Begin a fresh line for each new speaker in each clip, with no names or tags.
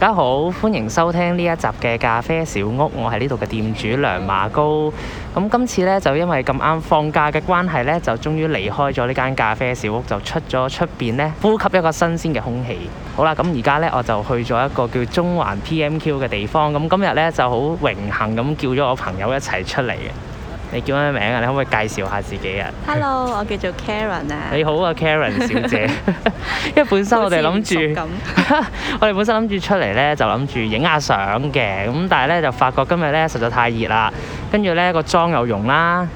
大家好，歡迎收聽呢一集嘅咖啡小屋。我係呢度嘅店主梁馬高。咁今次呢，就因為咁啱放假嘅關係呢，就終於離開咗呢間咖啡小屋，就出咗出邊呢，呼吸一個新鮮嘅空氣。好啦，咁而家呢，我就去咗一個叫中環 PMQ 嘅地方。咁今日呢，就好榮幸咁叫咗我朋友一齊出嚟嘅。你叫咩名啊？你可唔可以介紹下自己啊？Hello，我叫做 Karen 啊。你好啊，Karen 小姐。 因為本身我哋諗住， 我哋本身諗住出嚟呢，就諗住影下相嘅咁，但係呢，就發覺今日呢，實在太熱啦，跟住呢，個妝又融啦。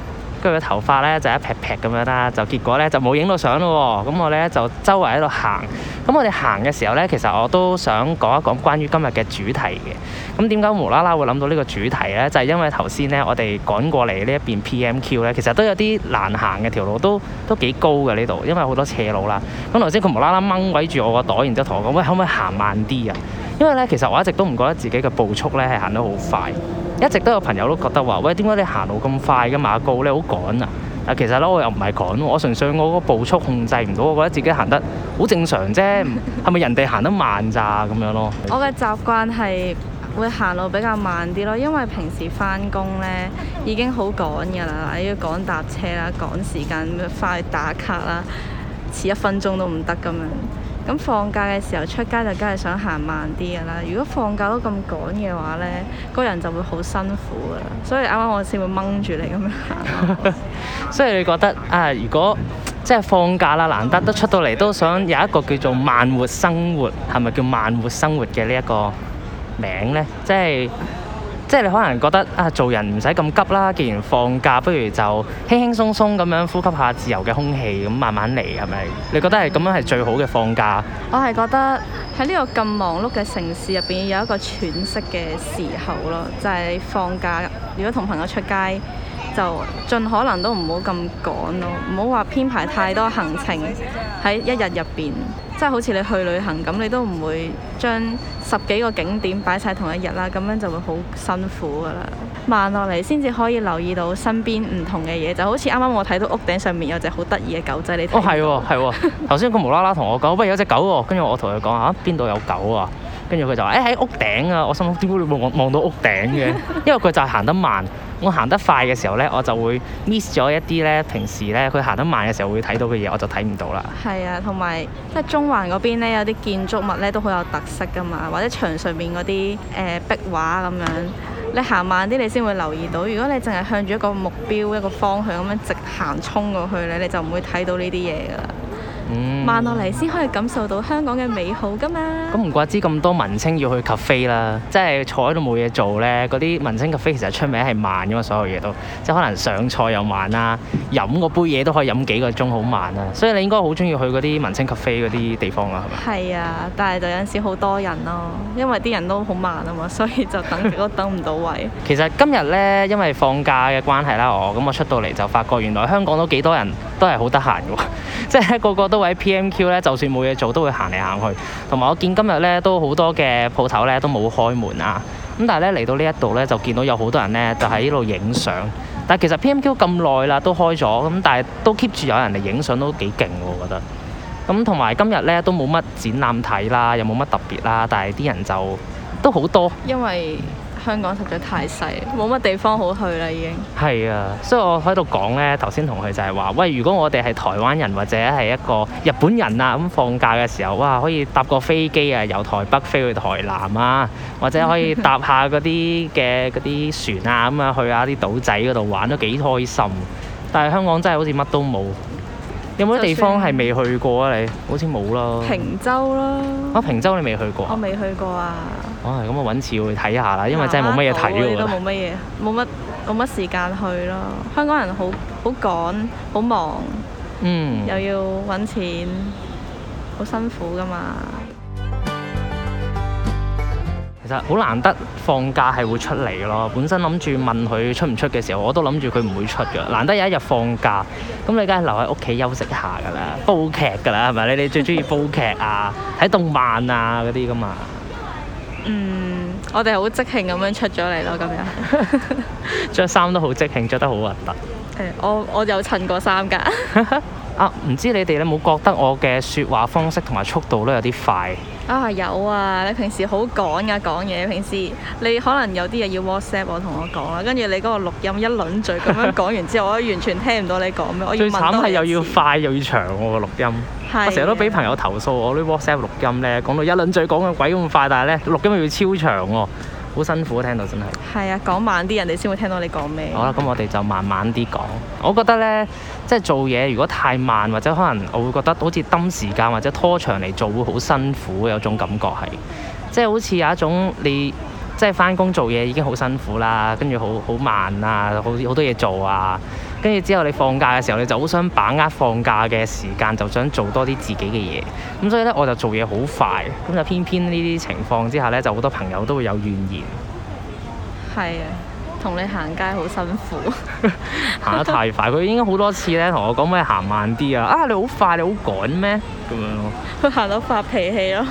佢嘅頭髮咧就一撇撇咁樣啦，就結果咧就冇影到相咯喎。咁我咧就周圍喺度行。咁我哋行嘅時候咧，其實我都想講一講關於今日嘅主題嘅。咁點解無啦啦會諗到呢個主題咧？就係因為頭先咧，我哋趕過嚟呢一邊 PMQ 咧，其實都有啲難行嘅條路，都都幾高嘅呢度，因為好多斜路啦。咁頭先佢無啦啦掹鬼住我個袋，然之後同我講喂，可唔可以行慢啲啊？因為咧，其實我一直都唔覺得自己嘅步速咧係行得好快。一直都有朋友都覺得話：喂，點解你行路咁快嘅？啊、馬高你好趕啊？啊，其實咧，我又唔係趕，我純粹我個步速控制唔到，我覺得自己行得好正常啫。係咪 人哋行得慢咋咁樣咯？我
嘅習慣係會行路比較慢啲咯，因為平時翻工呢已經好趕㗎啦，要趕搭車啦，趕時間快去打卡啦，遲一分鐘都唔得咁樣。咁放假嘅時候出街就梗係想行慢啲㗎啦。如果放假都咁趕嘅話呢，個人就會好辛苦㗎啦。所以啱啱我先會掹住你咁樣行。
所以你覺得啊，如果即係放假啦，難得都出到嚟，都想有一個叫做慢活生活，係咪叫慢活生活嘅呢一個名呢？即係。即係你可能覺得啊，做人唔使咁急啦。既然放假，不如就輕輕鬆鬆咁樣呼吸下自由嘅空氣，咁慢慢嚟，係咪？你覺得係咁樣係最好嘅放假？
我係覺得喺呢個咁忙碌嘅城市入邊，有一個喘息嘅時候咯，就係放假。如果同朋友出街，就盡可能都唔好咁趕咯，唔好話編排太多行程喺一日入邊。即係好似你去旅行咁，你都唔會將十幾個景點擺晒同一日啦，咁樣就會好辛苦噶啦。慢落嚟先至可以留意到身邊唔同嘅嘢，就好似啱啱我睇到屋頂上面有隻好得意嘅狗仔，你睇。哦，係喎，
係喎，頭先個無啦啦同我講，喂， 有隻狗喎、哦，跟住我同佢講嚇，邊、啊、度有狗啊？跟住佢就話，誒，喺屋頂啊！我心諗點解你會望到屋頂嘅。因為佢就係行得慢，我行得快嘅時候呢，我就會 miss 咗一啲呢。平時呢，佢行得慢嘅時候會睇到嘅嘢，我就睇唔到啦。
係啊，同埋即係中環嗰邊呢，有啲建築物呢都好有特色噶嘛，或者牆上面嗰啲誒壁畫咁樣，你行慢啲你先會留意到。如果你淨係向住一個目標一個方向咁樣直行衝過去呢，你就唔會睇到呢啲嘢噶啦。慢落嚟先可以感受到香港嘅美好噶嘛？
咁唔怪之咁多文青要去 cafe 啦，即係坐喺度冇嘢做呢。嗰啲文青 cafe 其實出名係慢噶嘛，所有嘢都即係可能上菜又慢啦，飲個杯嘢都可以飲幾個鐘，好慢啊！所以你應該好鍾意去嗰啲文青 cafe 嗰啲地方啊，係咪？係啊，但
係就有陣時好多人咯，因為啲人都好慢啊嘛，所以就等都 等唔到位。
其實今日呢，因為放假嘅關係啦，我咁我出到嚟就發覺原來香港都幾多人。都係好得閒嘅喎，即係個個都喺 P M Q 咧，就算冇嘢做都會行嚟行去。同埋我見今日咧都好多嘅鋪頭咧都冇開門啊。咁但係咧嚟到呢一度咧就見到有好多人咧就喺呢度影相。但係其實 P M Q 咁耐啦都開咗咁，但係都 keep 住有人嚟影相都幾勁喎，我覺得。咁同埋今日咧都冇乜展覽睇啦，又冇乜特別啦，但係啲人就都好多，因為。香港實在太細，冇乜地方好去啦，已經。係啊，所以我喺度講呢。頭先同佢就係話，喂，如果我哋係台灣人或者係一個日本人啊，咁放假嘅時候，哇，可以搭個飛機啊，由台北飛去台南啊，或者可以搭下嗰啲嘅嗰啲船啊，咁啊，去下啲島仔嗰度玩都幾開心。但係香港真係好似乜都冇，有冇地方係未去過啊？算你好似冇咯。平
洲咯。我
平洲你未去過？我未去
過啊。
哦，咁、啊、我揾次去睇下啦，因為真係冇乜嘢睇喎。呢都冇乜
嘢，冇乜冇乜時間去咯。香港人好好趕，好忙，嗯，又要揾錢，好辛苦噶嘛。
其實好難得放假係會出嚟咯。本身諗住問佢出唔出嘅時候，我都諗住佢唔會出嘅。難得有一日放假，咁你梗係留喺屋企休息一下㗎啦，煲劇㗎啦，係咪？你你最中意煲劇啊，睇 動漫啊嗰啲噶嘛。
嗯，我哋好即興咁樣出咗嚟咯，咁樣
着衫都好即興，着得好核突。誒，
我我有襯過衫噶。
啊，唔知你哋有冇覺得我嘅說話方式同埋速度都有啲快？
啊、哦、有啊！你平時好講㗎講嘢，平時你可能有啲嘢要 WhatsApp 我同我講啦，跟住你嗰個錄音一輪嘴咁樣講完之後， 我完全聽唔到你講咩。我最慘係又要
快又要長喎，啊、錄音，的我成日都俾朋友投訴我啲 WhatsApp 錄音呢，講到一輪嘴講嘅鬼咁快，但係呢錄音又要超長喎，啊。好辛苦，聽到真係。
係啊，講慢啲，人哋先會聽到你講咩。好啦，咁
我哋就慢慢啲講。我覺得呢，即係做嘢如果太慢，或者可能我會覺得好似掹時間，或者拖長嚟做會好辛苦，有種感覺係，即係好似有一種你。即係返工做嘢已經好辛苦啦，跟住好好慢啊，好好多嘢做啊，跟住之後你放假嘅時候，你就好想把握放假嘅時間，就想做多啲自己嘅嘢。咁所以呢，我就做嘢好快，咁就偏偏呢啲情況之下呢，就好多朋友都會有怨言。
係啊。同你行
街好辛苦，行 得太快，佢應該好多次咧同我講咩行慢啲啊！啊你好快你好趕咩咁樣咯？
佢行到發脾氣
咯。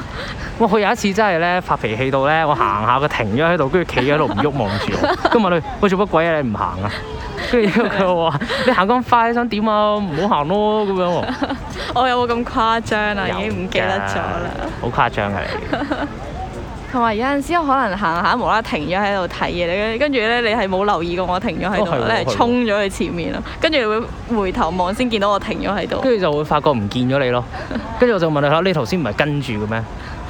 哇！佢有一次真係咧發脾氣到咧，我行下佢停咗喺度，跟住企喺度唔喐望住我。跟住問佢：喂，佢做乜鬼你唔行啊？跟住佢話： 你行咁快想點啊？唔好行咯咁樣。 我
有冇咁誇張啊？的已經唔記得咗
啦。好誇張係你。
同埋有陣時，我可能行下無啦停咗喺度睇嘢，你跟住咧，你係冇留意過我停咗喺度，哦、你係衝咗去前面啦，跟住你會回頭望先見到我停咗喺度，
跟住就會發覺唔見咗你咯。跟住 我就問你吓，你頭先唔係跟住嘅咩？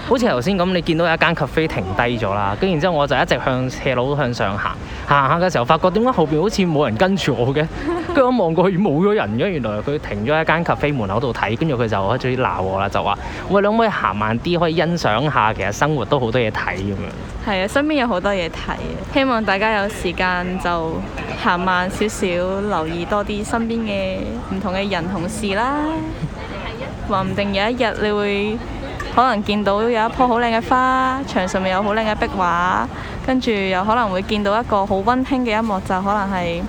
好似頭先咁，你見到有一間咖啡停低咗啦，跟然之後我就一直向斜路向上行，行行嘅時候發覺點解後邊好似冇人跟住我嘅，跟住 我望過去冇咗人咁，原來佢停咗一間咖啡門口度睇，跟住佢就開始鬧我啦，就話：喂，兩位行慢啲，可以欣賞下，其實生活都好多嘢睇咁樣。
係啊，身邊有好多嘢睇，希望大家有時間就行慢少少，留意多啲身邊嘅唔同嘅人同事啦。話唔 定有一日你會。可能見到有一棵好靚嘅花，牆上面有好靚嘅壁畫，跟住又可能會見到一個好温馨嘅一幕，就可能係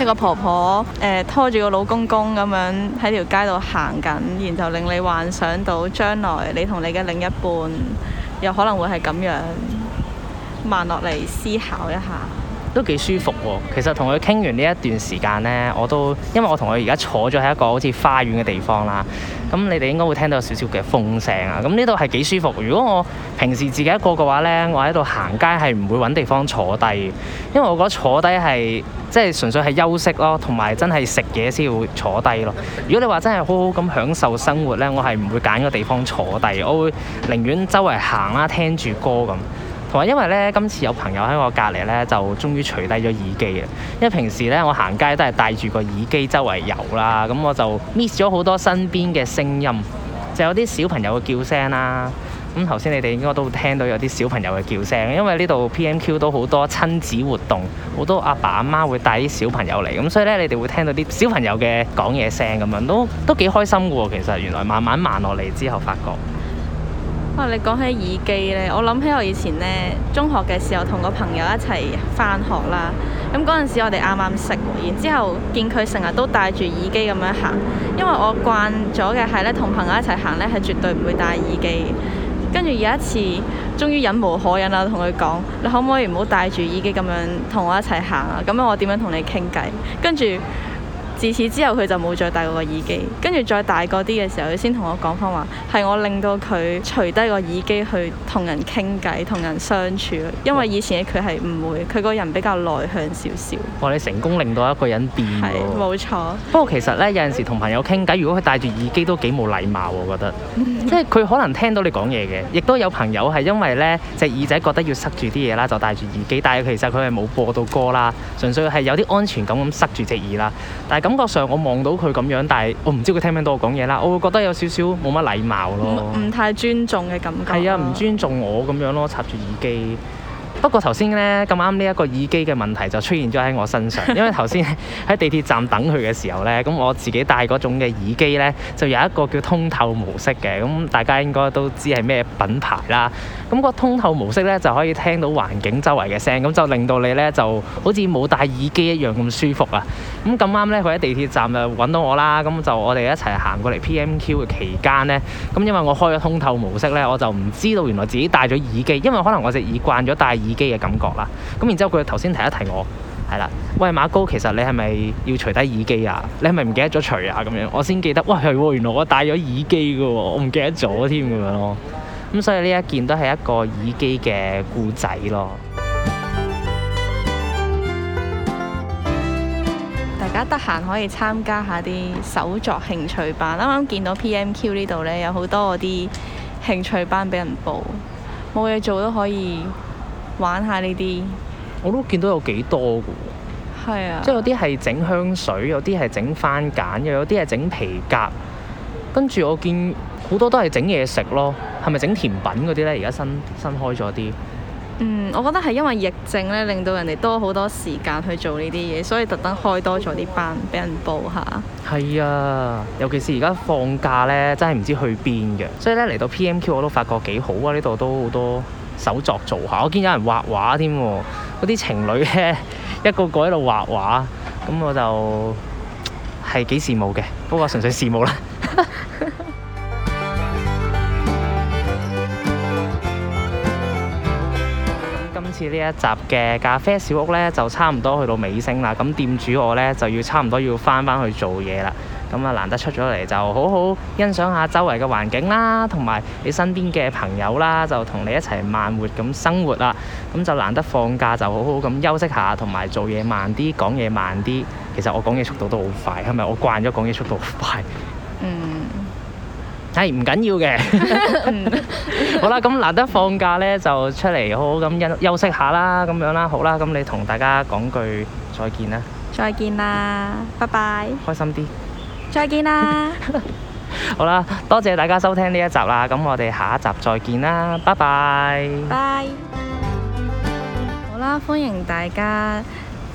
一個婆婆、呃、拖住個老公公咁樣喺條街度行緊，然後就令你幻想到將來你同你嘅另一半又可能會係咁樣慢落嚟思考一下。
都幾舒服喎！其實同佢傾完呢一段時間呢，我都因為我同佢而家坐咗喺一個好似花園嘅地方啦。咁你哋應該會聽到有少少嘅風聲啊。咁呢度係幾舒服。如果我平時自己一個嘅話呢，我喺度行街係唔會揾地方坐低，因為我覺得坐低係即係純粹係休息咯，同埋真係食嘢先會坐低咯。如果你話真係好好咁享受生活呢，我係唔會揀一個地方坐低，我會寧願周圍行啦，聽住歌咁。同埋，因為咧，今次有朋友喺我隔離咧，就終於除低咗耳機啊！因為平時咧，我行街都係戴住個耳機周圍遊啦，咁我就 miss 咗好多身邊嘅聲音，就有啲小朋友嘅叫聲啦。咁頭先你哋應該都會聽到有啲小朋友嘅叫聲，因為呢度 PMQ 都好多親子活動，好多阿爸阿媽會帶啲小朋友嚟，咁所以咧，你哋會聽到啲小朋友嘅講嘢聲咁樣，都都幾開心嘅喎。其實原來慢慢慢落嚟之後，發覺。
哇！你講起耳機呢，我諗起我以前呢，中學嘅時候，同個朋友一齊返學啦。咁嗰陣時我哋啱啱識，然之後見佢成日都戴住耳機咁樣行，因為我慣咗嘅係呢，同朋友一齊行呢係絕對唔會戴耳機。跟住有一次，終於忍無可忍啦，同佢講：你可唔可以唔好戴住耳機咁樣同我一齊行啊？咁樣我點樣同你傾偈？跟住。自此之後，佢就冇再戴過個耳機。跟住再大個啲嘅時候，佢先同我講返話，係我令到佢除低個耳機去同人傾偈、同人相處。因為以前佢係唔會，佢個人比較內向少少。
哇，你成功令到一個人變喎！
冇錯。
不過其實呢，有陣時同朋友傾偈，如果佢戴住耳機都幾冇禮貌，我覺得。 即係佢可能聽到你講嘢嘅，亦都有朋友係因為呢隻耳仔覺得要塞住啲嘢啦，就戴住耳機，但係其實佢係冇播到歌啦，純粹係有啲安全感咁塞住隻耳啦，但感覺上我望到佢咁樣，但係我唔知佢聽唔聽到我講嘢啦，我會覺得有少少冇乜禮貌咯，唔、嗯、太尊重嘅感覺。係啊，唔尊重我咁樣咯，插住耳機。不過頭先咧咁啱呢個耳機嘅問題就出現咗喺我身上，因為頭先喺地鐵站等佢嘅時候呢，咁我自己戴嗰種嘅耳機呢，就有一個叫通透模式嘅，咁大家應該都知係咩品牌啦。咁個通透模式呢，就可以聽到環境周圍嘅聲，咁就令到你呢就好似冇戴耳機一樣咁舒服啊。咁咁啱呢，佢喺地鐵站就揾到我啦，咁就我哋一齊行過嚟 PMQ 嘅期間呢，咁因為我開咗通透模式呢，我就唔知道原來自己戴咗耳機，因為可能我隻耳慣咗戴耳機嘅感覺啦，咁、 嗯、然之後佢頭先提一提我係啦，喂，馬高，co, 其實你係咪要除低耳機啊？你係咪唔記得咗除啊？咁樣我先記得，喂，係原來我戴咗耳機噶，我唔記得咗添咁樣咯。咁、嗯嗯、所以呢一件都係一個耳機嘅故仔咯。
大家得閒可以參加一下啲手作興趣班。啱啱見到 PMQ 呢度呢，有好多嗰啲興趣班俾人報，冇嘢做都可以。玩下呢啲，
我都見到有幾多嘅喎，
係啊，即係有啲
係整香水，有啲係整番梘，又有啲係整皮革。跟住我見好多都係整嘢食咯，係咪整甜品嗰啲呢？而家新新開咗啲，
嗯，我覺得係因為疫症呢，令到人哋多好多時間去做呢啲嘢，所以特登開多咗啲班俾人報下。
係啊，尤其是而家放假呢，真係唔知去邊嘅，所以呢，嚟到 PMQ 我都發覺幾好啊，呢度都好多。手作做下，我見有人畫畫添喎，嗰啲情侶咧一個個喺度畫畫，咁我就係幾羨慕嘅，不過純粹羨慕啦。 今次呢一集嘅咖啡小屋呢，就差唔多去到尾聲啦，咁店主我呢，就要差唔多要返返去做嘢啦。咁啊，難得出咗嚟就好好欣賞下周圍嘅環境啦，同埋你身邊嘅朋友啦，就同你一齊慢活咁生活啦。咁就難得放假，就好好咁休息下，同埋做嘢慢啲，講嘢慢啲。其實我講嘢速度都好快，係咪？我慣咗講嘢速度快。嗯，係唔緊要嘅。 好啦，咁難得放假呢，就出嚟好好咁休息下啦，咁樣啦，好啦，咁你同大家講句再見啦，
再見啦，拜拜，bye bye. 開心啲。再見啦！
好啦，多謝大家收聽呢一集啦，咁我哋下一集再見啦，拜拜！
拜 Bye 好啦，歡迎大家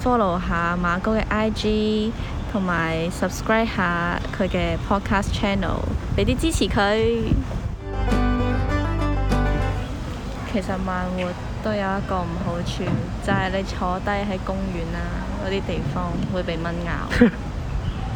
follow 下馬哥嘅 IG，同埋 subscribe 下佢嘅 podcast channel，俾啲支持佢。 其實慢活都有一個唔好處，就係你坐低喺公園啊嗰啲地方會被蚊咬。